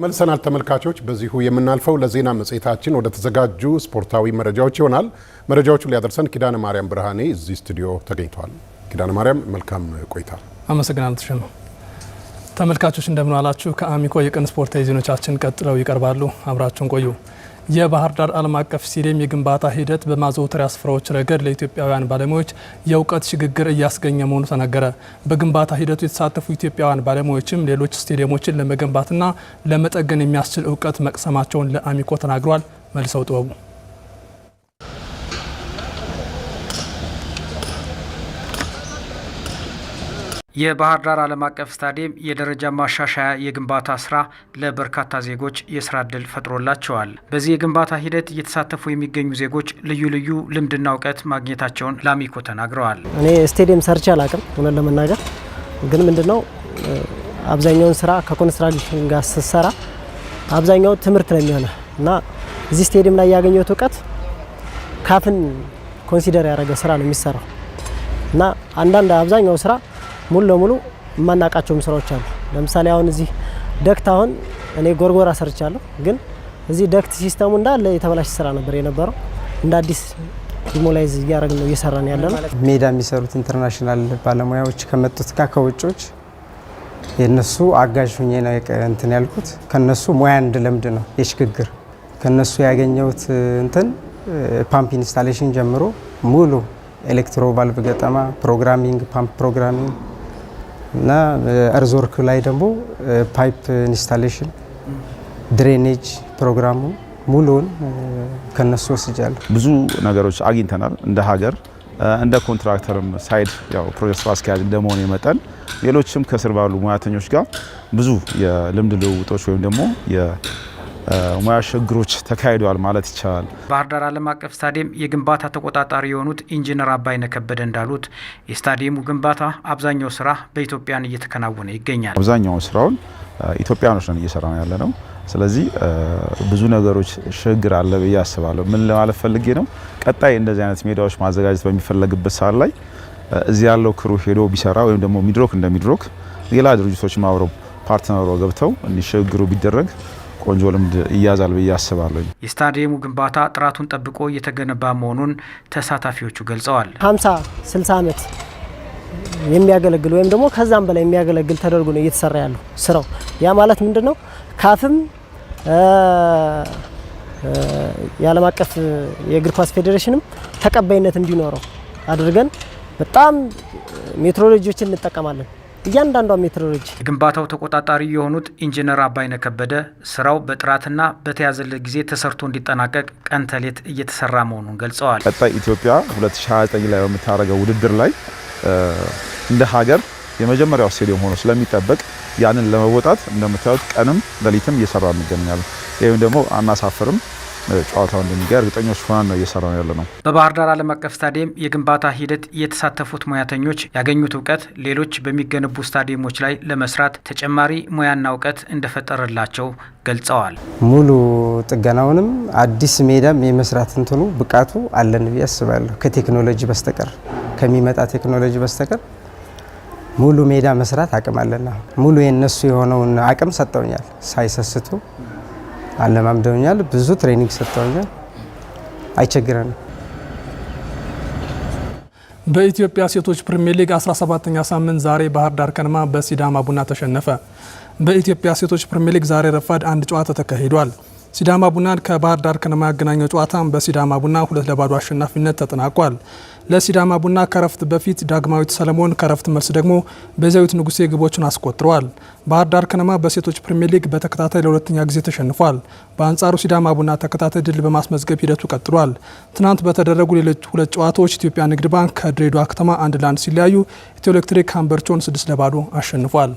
ተመልሰናል ተመልካቾች። በዚሁ የምናልፈው ለዜና መጽሔታችን ወደ ተዘጋጁ ስፖርታዊ መረጃዎች ይሆናል። መረጃዎቹን ሊያደርሰን ኪዳነ ማርያም ብርሃኔ እዚህ ስቱዲዮ ተገኝቷል። ኪዳነ ማርያም መልካም ቆይታ። አመሰግናለሁ ተሸኑ። ተመልካቾች እንደምን አላችሁ? ከአሚኮ የቀን ስፖርታዊ ዜናዎቻችን ቀጥለው ይቀርባሉ። አብራችሁን ቆዩ። የባህር ዳር ዓለም አቀፍ ስቴዲየም የግንባታ ሂደት በማዘውተሪያ ስፍራዎች ረገድ ለኢትዮጵያውያን ባለሙያዎች የእውቀት ሽግግር እያስገኘ መሆኑ ተነገረ። በግንባታ ሂደቱ የተሳተፉ ኢትዮጵያውያን ባለሙያዎችም ሌሎች ስቴዲየሞችን ለመገንባትና ለመጠገን የሚያስችል እውቀት መቅሰማቸውን ለአሚኮ ተናግሯል መልሰው ጥበቡ የባህር ዳር ዓለም አቀፍ ስታዲየም የደረጃ ማሻሻያ የግንባታ ስራ ለበርካታ ዜጎች የስራ እድል ፈጥሮላቸዋል። በዚህ የግንባታ ሂደት እየተሳተፉ የሚገኙ ዜጎች ልዩ ልዩ ልምድና እውቀት ማግኘታቸውን ላሚኮ ተናግረዋል። እኔ ስቴዲየም ሰርቼ አላቅም ሆነን ለመናገር ግን ምንድነው አብዛኛውን ስራ ከኮንስትራክሽን ጋር ስትሰራ አብዛኛው ትምህርት ነው የሚሆነ እና እዚህ ስቴዲየም ላይ ያገኘሁት እውቀት ካፍን ኮንሲደር ያደረገ ስራ ነው የሚሰራው እና አንዳንድ አብዛኛው ስራ ሙሉ ለሙሉ የማናውቃቸውም ስራዎች አሉ። ለምሳሌ አሁን እዚህ ደክት አሁን እኔ ጎርጎራ ሰርቻለሁ፣ ግን እዚህ ደክት ሲስተሙ እንዳለ የተበላሽ ስራ ነበር የነበረው። እንደ አዲስ ዲሞላይዝ እያደረግን ነው እየሰራን ያለ ነው። ሜዳ የሚሰሩት ኢንተርናሽናል ባለሙያዎች ከመጡት ጋር ከውጮች የእነሱ አጋዥ ሁኜ ነው እንትን ያልኩት። ከነሱ ሙያ እንድ ለምድ ነው የሽግግር ከነሱ ያገኘሁት እንትን ፓምፕ ኢንስታሌሽን ጀምሮ ሙሉ ኤሌክትሮ ቫልቭ ገጠማ፣ ፕሮግራሚንግ፣ ፓምፕ ፕሮግራሚንግ እና እርዝ ላይ ደግሞ ፓይፕ ኢንስታሌሽን ድሬኔጅ ፕሮግራሙ ሙሉውን ከነሱ ወስጃለሁ። ብዙ ነገሮች አግኝተናል እንደ ሀገር። እንደ ኮንትራክተርም ሳይድ ያው ፕሮጀክት ስራ አስኪያጅ እንደመሆን የመጠን ሌሎችም ከስር ባሉ ሙያተኞች ጋር ብዙ የልምድ ልውውጦች ወይም ደግሞ ሙያ ሽግሮች ተካሂደዋል ማለት ይቻላል። ባህር ዳር ዓለም አቀፍ ስታዲየም የግንባታ ተቆጣጣሪ የሆኑት ኢንጂነር አባይነ ከበደ እንዳሉት የስታዲየሙ ግንባታ አብዛኛው ስራ በኢትዮጵያን እየተከናወነ ይገኛል። አብዛኛውን ስራውን ኢትዮጵያኖች ነን እየሰራ ነው ያለ ነው። ስለዚህ ብዙ ነገሮች ሽግግር አለ ብዬ አስባለሁ። ምን ለማለት ፈልጌ ነው? ቀጣይ እንደዚህ አይነት ሜዳዎች ማዘጋጀት በሚፈለግበት ሰዓት ላይ እዚህ ያለው ክሩ ሄዶ ቢሰራ ወይም ደግሞ ሚድሮክ እንደሚድሮክ ሌላ ድርጅቶች አብረው ፓርትነሮ ገብተው እንዲሸግሩ ቢደረግ ቆንጆ ልምድ ብዬ አስባለሁ። የስታዲየሙ ግንባታ ጥራቱን ጠብቆ እየተገነባ መሆኑን ተሳታፊዎቹ ገልጸዋል። 50 60 ዓመት የሚያገለግል ወይም ደግሞ ከዛም በላይ የሚያገለግል ተደርጎ ነው እየተሰራ ያለው ስራው። ያ ማለት ምንድን ነው? ካፍም የዓለም አቀፍ የእግር ኳስ ፌዴሬሽንም ተቀባይነት እንዲኖረው አድርገን በጣም ሜትሮሎጂዎችን እንጠቀማለን። እያንዳንዷ ሜትሮሎጂ የግንባታው ተቆጣጣሪ የሆኑት ኢንጂነር አባይነ ከበደ ስራው በጥራትና በተያዘለት ጊዜ ተሰርቶ እንዲጠናቀቅ ቀን ተሌት እየተሰራ መሆኑን ገልጸዋል። ቀጣይ ኢትዮጵያ 2029 ላይ በምታደርገው ውድድር ላይ እንደ ሀገር የመጀመሪያው ስቴዲየም ሆኖ ስለሚጠበቅ ያንን ለመወጣት እንደምታዩት ቀንም ሌሊትም እየሰራ እንገኛለን። ይህም ደግሞ አናሳፍርም። ጨዋታው እንደሚገኝ እርግጠኞች ሆነን ነው እየሰራ ነው ያለ ነው። በባህር ዳር ዓለም አቀፍ ስታዲየም የግንባታ ሂደት የተሳተፉት ሙያተኞች ያገኙት እውቀት ሌሎች በሚገነቡ ስታዲየሞች ላይ ለመስራት ተጨማሪ ሙያና እውቀት እንደፈጠረላቸው ገልጸዋል። ሙሉ ጥገናውንም አዲስ ሜዳም የመስራት እንትኑ ብቃቱ አለን ብዬ አስባለሁ። ከቴክኖሎጂ በስተቀር ከሚመጣ ቴክኖሎጂ በስተቀር ሙሉ ሜዳ መስራት አቅም አለና ሙሉ የነሱ የሆነውን አቅም ሰጠውኛል ሳይሰስቱ አለማምደውኛል፣ ብዙ ትሬኒንግ ሰጥተውኛል። አይቸግረንም። በኢትዮጵያ ሴቶች ፕሪሚየር ሊግ 17ኛ ሳምንት ዛሬ ባህር ዳር ከነማ በሲዳማ ቡና ተሸነፈ። በኢትዮጵያ ሴቶች ፕሪሚየር ሊግ ዛሬ ረፋድ አንድ ጨዋታ ተካሂዷል። ሲዳማ ቡና ከባህር ዳር ከነማ ያገናኘው ጨዋታ በሲዳማ ቡና ሁለት ለባዶ አሸናፊነት ተጠናቋል። ለሲዳማ ቡና ከረፍት በፊት ዳግማዊት ሰለሞን ከረፍት መልስ ደግሞ ቤዛዊት ንጉሴ ግቦችን አስቆጥረዋል። ባህር ዳር ከነማ በሴቶች ፕሪምየር ሊግ በተከታታይ ለሁለተኛ ጊዜ ተሸንፏል። በአንጻሩ ሲዳማ ቡና ተከታታይ ድል በማስመዝገብ ሂደቱ ቀጥሏል። ትናንት በተደረጉ ሌሎች ሁለት ጨዋታዎች ኢትዮጵያ ንግድ ባንክ ከድሬዳዋ ከተማ አንድ ለአንድ ሲለያዩ ኢትዮ ኤሌክትሪክ ሀምበርቾን ስድስት ለባዶ አሸንፏል።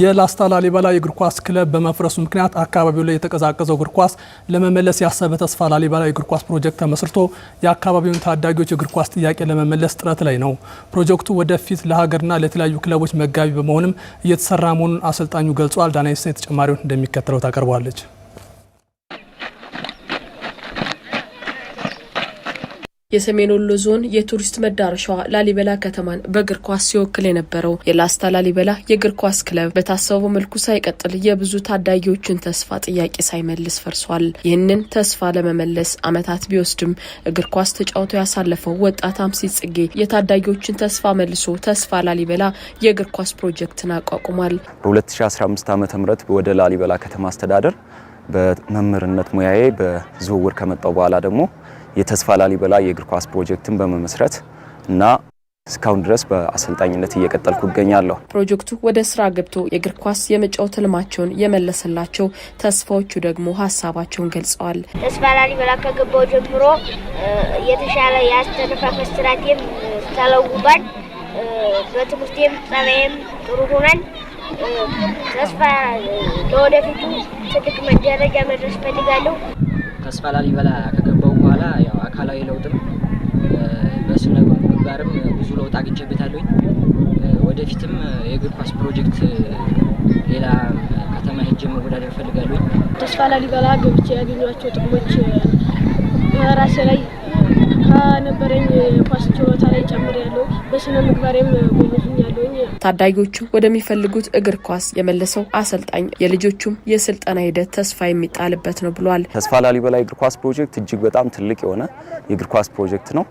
የላስታ ላሊበላ የእግር ኳስ ክለብ በመፍረሱ ምክንያት አካባቢው ላይ የተቀዛቀዘው እግር ኳስ ለመመለስ ያሰበ ተስፋ ላሊበላ የእግር ኳስ ፕሮጀክት ተመስርቶ የአካባቢውን ታዳጊዎች የእግር ኳስ ጥያቄ ለመመለስ ጥረት ላይ ነው። ፕሮጀክቱ ወደፊት ለሀገርና ለተለያዩ ክለቦች መጋቢ በመሆንም እየተሰራ መሆኑን አሰልጣኙ ገልጿል። ዳናይስ ተጨማሪውን እንደሚከተለው ታቀርበዋለች። የሰሜን ወሎ ዞን የቱሪስት መዳረሻዋ ላሊበላ ከተማን በእግር ኳስ ሲወክል የነበረው የላስታ ላሊበላ የእግር ኳስ ክለብ በታሰበው መልኩ ሳይቀጥል የብዙ ታዳጊዎችን ተስፋ ጥያቄ ሳይመልስ ፈርሷል። ይህንን ተስፋ ለመመለስ ዓመታት ቢወስድም እግር ኳስ ተጫውቶ ያሳለፈው ወጣት አምሲ ጽጌ የታዳጊዎችን ተስፋ መልሶ ተስፋ ላሊበላ የእግር ኳስ ፕሮጀክትን አቋቁሟል። በ2015 ዓ ም ወደ ላሊበላ ከተማ አስተዳደር በመምህርነት ሙያዬ በዝውውር ከመጣው በኋላ ደግሞ የተስፋ ላሊበላ የእግር ኳስ ፕሮጀክትን በመመስረት እና እስካሁን ድረስ በአሰልጣኝነት እየቀጠልኩ እገኛለሁ። ፕሮጀክቱ ወደ ስራ ገብቶ የእግር ኳስ የመጫወት ህልማቸውን የመለሰላቸው ተስፋዎቹ ደግሞ ሀሳባቸውን ገልጸዋል። ተስፋ ላሊበላ ከገባው ጀምሮ የተሻለ የአስተፋፈስ ስራቴም ተለውጧል። በትምህርቴም ጸባዬም ጥሩ ሆናል። ተስፋ ለወደፊቱ ትልቅ ደረጃ መድረስ እፈልጋለሁ። ተስፋ ላሊበላ በኋላ ያው አካላዊ ለውጥም በስነ ምግባርም ብዙ ለውጥ አግኝቼበታለሁኝ። ወደፊትም የእግር ኳስ ፕሮጀክት ሌላ ከተማ ሄጄ መወዳደር እፈልጋለሁኝ። ተስፋ ላሊበላ ገብቼ ያገኟቸው ጥቅሞች ራሴ ላይ በነበረኝ ኳስ ችሎታ ላይ ጨምር ያለው በስነ ምግባሬም ታዳጊዎቹ ወደሚፈልጉት እግር ኳስ የመለሰው አሰልጣኝ የልጆቹም የስልጠና ሂደት ተስፋ የሚጣልበት ነው ብሏል። ተስፋ ላሊበላ እግር ኳስ ፕሮጀክት እጅግ በጣም ትልቅ የሆነ የእግር ኳስ ፕሮጀክት ነው።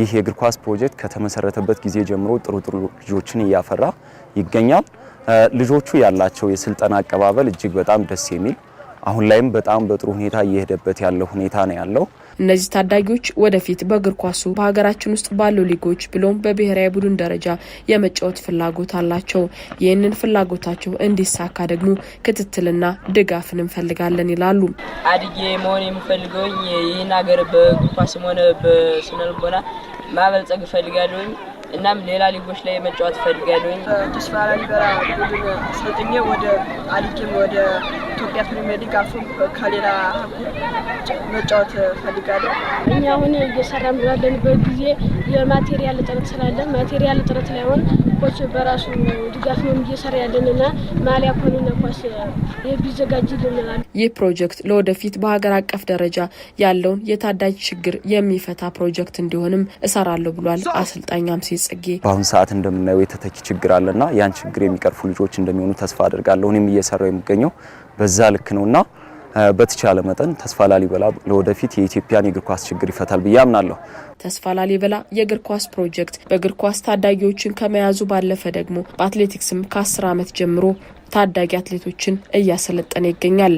ይህ የእግር ኳስ ፕሮጀክት ከተመሰረተበት ጊዜ ጀምሮ ጥሩ ጥሩ ልጆችን እያፈራ ይገኛል። ልጆቹ ያላቸው የስልጠና አቀባበል እጅግ በጣም ደስ የሚል አሁን ላይም በጣም በጥሩ ሁኔታ እየሄደበት ያለው ሁኔታ ነው ያለው። እነዚህ ታዳጊዎች ወደፊት በእግር ኳሱ በሀገራችን ውስጥ ባሉ ሊጎች ብሎም በብሔራዊ ቡድን ደረጃ የመጫወት ፍላጎት አላቸው። ይህንን ፍላጎታቸው እንዲሳካ ደግሞ ክትትልና ድጋፍን እንፈልጋለን ይላሉ። አድጌ መሆን የምፈልገውኝ ይህን ሀገር በእግር ኳስም ሆነ በስነልቦና ማበልጸግ እፈልጋለሁኝ። እናም ሌላ ሊጎች ላይ መጫወት እፈልጋለሁኝ። ተስፋ ላሊበራ ቡድን አሰልጥኜ ወደ አሊኬም ወደ በኢትዮጵያ ፕሪሚየር ሊግ አልፎ ከሌላ መጫወት ፈልጋለሁ። እኛ አሁን እየሰራን ባለንበት ጊዜ የማቴሪያል እጥረት ስላለ ማቴሪያል እጥረት ላይሆን ኮች በራሱ ድጋፍ ነው እየሰራ ያለንና ማሊያ ኮንና ኳስ ቢዘጋጅልናል። ይህ ፕሮጀክት ለወደፊት በሀገር አቀፍ ደረጃ ያለውን የታዳጅ ችግር የሚፈታ ፕሮጀክት እንዲሆንም እሰራለሁ ብሏል አሰልጣኝ አምሴ ጽጌ። በአሁኑ ሰዓት እንደምናየው የተተኪ ችግር አለና ያን ችግር የሚቀርፉ ልጆች እንደሚሆኑ ተስፋ አድርጋለሁ። እኔም እየሰራው የሚገኘው በዛ ልክ ነውና በተቻለ መጠን ተስፋ ላሊበላ ለወደፊት የኢትዮጵያን የእግር ኳስ ችግር ይፈታል ብዬ አምናለሁ። ተስፋ ላሊበላ የእግር ኳስ ፕሮጀክት በእግር ኳስ ታዳጊዎችን ከመያዙ ባለፈ ደግሞ በአትሌቲክስም ከአስር ዓመት ጀምሮ ታዳጊ አትሌቶችን እያሰለጠነ ይገኛል።